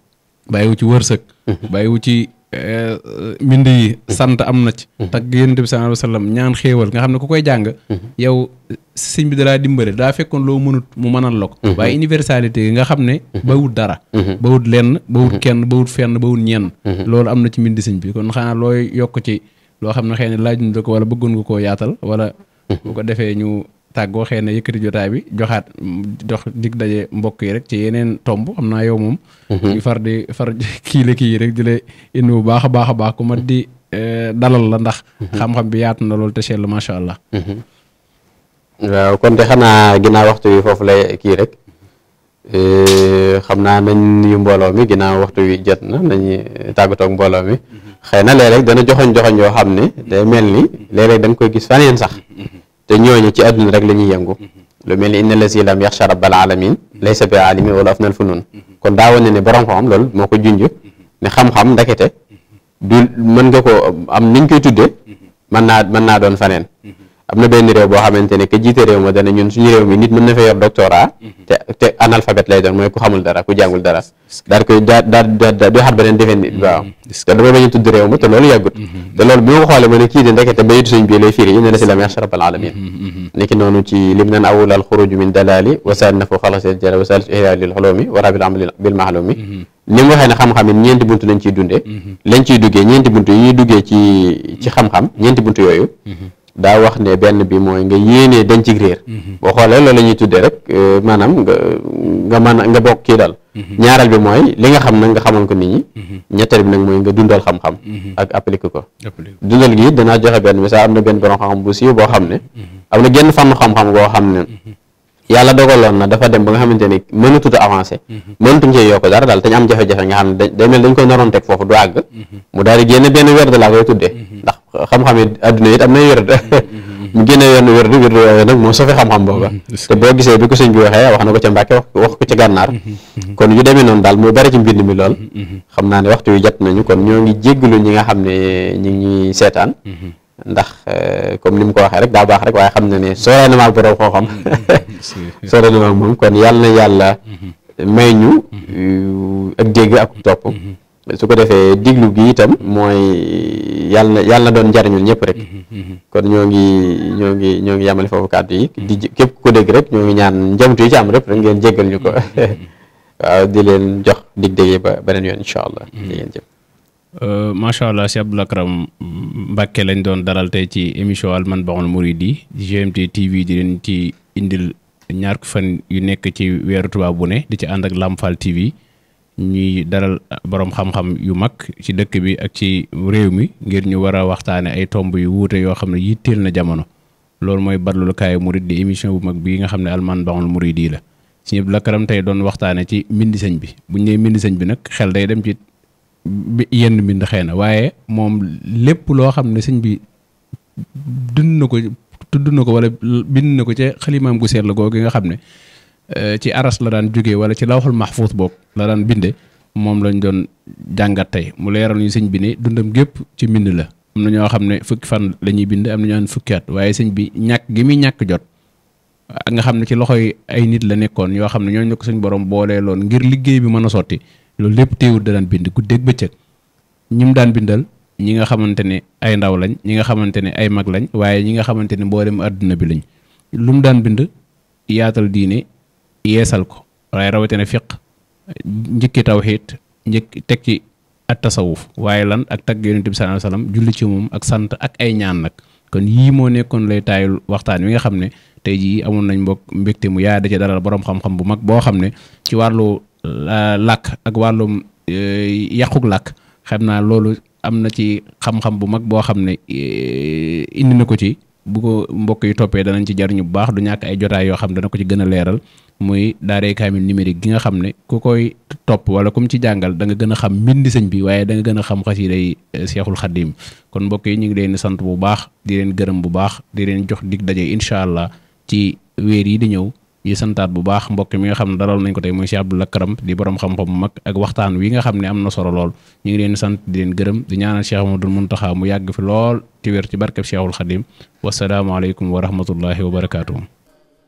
bàyyiwu ci wërsëg mm-hmm. bàyyiwu ci eh, mbind yi mm-hmm. sant am na ci tag yonent bi sallallahu alayhi wasallam ñaan xéewal nga xam ne ku koy jàng yow sëñ bi dalaa dimbale daa fekkoon loo mënut mu mënal la ko mhm. waaye universalité yi nga xam ne mhm. ba wut dara mhm. ba wut lenn ba wut kenn ba wut fenn ba wut ñenn loolu am na ci mbind sëñ bi kon xanaa looy yokk ci loo xam ne xëy na laaj nañ ko wala bëggoon nga koo yaatal wala bu ko defee ñu tàggoo xëy na yëkkati jotaay bi joxaat dox dig daje mbokk yi rek ci yeneen tomb xam naa yow moom ñu far di far kii la kii rek di la indi bu baax a baax a baax mat di eh, dalal la ndax xam-xam bi yaatu na loolu te macha allah waaw kon te xanaa ginnaaw waxtu wi foofu lay kii rek xam naa nañ nuyu mbooloo mi ginnaaw waxtu wi jot na nañu tàggatoog mbooloo mi xëy na léeg-léeg dana joxoñ joxoñ yoo xam ne day mel ni léeg-léeg koy gis faneen sax te ñooñu ci àdduna rek la ñuy yëngu lu mel ni inna lasi lam yaxsha rabbal alamin laysa bi alimi wala af nal funun kon daawoon na ne borom xam-xam loolu moo ko junj ne xam-xam ndekete du mën nga ko am niñ koy tuddee mën naa mën naa doon faneen am na benn réew boo xamante ne que jiite réew ma dana ñun suñu réew mi nit mhm. dara ku jàngul dara daal koy daa daa du xaat beneen defeen nit mhm. waaw te a mhm. ne kii de ndekete bayit suñ na si la merci rabbil alamin niki noonu ci lim nan awulal xuruj min dalali wasal nafu xalasel jëla wasal ihya lil xoloomi warabil amal bil maxloomi ni waxee ne xam-xam ñeenti bunt lañ ciy dundee lañ ciy duggee ñeenti bunt yi ñuy duggee ci ci xam-xam ñeenti bunt yooyu daa wax ne benn bi mooy nga yéenee dañ ci réer mhm. boo xoolee loolu la ñuy tuddee rek euh, maanaam nga man mën nga bokk kii daal mhm. ñaareel bi mooy li nga xam nag nga xamal ko nit ñi mhm. ñetteel bi nag mooy nga dundal xam-xam ak appliquer ko dundal gi danaa joxe benn misaal am na benn borom xam-xam bu siiw boo xam ne am na genn fànn xam-xam boo xam ne yàlla dogaloon na dafa dem ba nga xamante ne mënatut a avancé mënatuñ cee yokk dara daal te ñu am jafe-jafe nga xam ne day mel dañ ko naroon teg foofu du àgg daal di génne benn werd laa koy tuddee ndax xam-xam yi àdduna it am na wérd mu génne yoon wérd wérd yooyu nag moo sofi xam-xam booba mm-hmm. te boo gisee bi ko sëñ bi waxee wax na ko ca Mbàkke wax ko ca Gànnaar mm-hmm. kon yu demee noonu daal moo bari ci mbind mi lool mm-hmm. xam naa ne waxtu yu jot nañu kon ñoo ngi jéggalu ñi nga xam ne ñi ngi seetaan ndax eh, comme ni mu ko waxee rek daa baax rek waaye xam na ne sore na maag borom xam-xam sore na maag moom kon yàlla na yàlla may ñu ak dégg ak topp su ko defee diglu bi itam mooy yàlla na yàlla na doon njariñul ñëpp rek mm-hmm, mm-hmm. kon ñoo ngi ñoo ngi ñoo ngi yamale foofu kàddu yi di képp ku ko dégg rek ñoo ngi ñaan njamtu yi ci am rek rek ngeen jéggal ñu ko mm-hmm, waaw di leen jox dig dégg ba beneen yoon incha allah di ngeen jëm euh, macha allah si Abdou Lakram Mbàkke lañ doon dalal tey ci émission Al Manbahoul Mouridi GMT TV di leen ci indil ñaar fan yu nekk ci weeru tubaab bu ne di ci ànd ak Lamfal TV ñuy daral borom xam-xam yu mag ci dëkk bi ak ci réew mi ngir ñu war a waxtaane ay tomb yu wuute yoo xam ne yitteel na jamono loolu mooy Badloukaayu Mouride di émission bu mag bii nga xam ne almandoxul Mouride yi la si ñëpp la karam tey doon waxtaane ci mbindi sëñ bi buñ nee mbindi sëñ bi nag xel day dem ci yenn mbind xëy na waaye moom lépp loo xam ne sëñ bi dund na ko tudd na ko wala bind na ko ca xalimaam gu seet la googu nga xam ne Euh, ci aras la daan jógee wala ci lawxul maxfuus boog la daan binde moom lañ doon jàngat tey mu leeral ñu sëñ bi ne dundam gépp ci mbind la am na ñoo xam ne fukki fan lañuy ñuy bind am na ñoo xam ne fukki at waaye sëñ bi ñàkk gi muy ñàkk jot ak nga xam ne ci loxoy ay nit la nekkoon yoo xam ne ñoo ñu suñ borom boolee loon ngir liggéey bi mën a sotti loolu lépp téewul da daan bind guddeeg bëccëg ñi mu daan bindal ñi nga xamante ne ay ndaw lañ ñi nga xamante ne ay mag lañ waaye ñi nga xamante ne mboolem àdduna bi lañ lu daan bind yaatal diine yeesal ko waaye rawatina fiq njëkki tawxiid njëkk teg ci ak tasawuf waaye lan ak tagg yonent bi ci moom ak sant ak ay ñaan nag kon yii moo nekkoon lay taayul waxtaan wi nga xam ne tey jii amoon nañ mbokk mbégte mu yaay da ci boroom borom xam-xam bu mag boo xam ne ci wàllu làkk ak wàllum e, yàquk làkk xam naa loolu am na ci xam-xam bu mag boo xam ne e, indi na ko ci bu ko mbokk yi toppee danañ ci jariñu bu baax du ñàkk ay jotaay yoo xam dana ko ci gën a leeral muy daaree kaamil numérique gi nga xam ne ku koy topp wala kum ci jàngal da nga gën a xam mbindi sëñ bi waaye da nga gën a xam xasida yi eh, Seexul Xadiim kon mbokk yi ñu ngi leen di sant bu baax di leen gërëm bu baax di leen jox dig daje incha allah ci weer yi di ñëw yi santaat bu baax mbokk mi nga xam ne dalal nañ ko tey mooy Cheikh Abdou Karam di borom xam-xam bu mag ak waxtaan wi nga xam ne am na solo lool ñu ngi leen di sant di leen gërëm di ñaanal Cheikh Amadou Muntaxa mu yàgg fi lool ci wér ci barkeb Cheikhul Xadiim wasalaamaaleykum wa rahmatullahi wa barakaatuh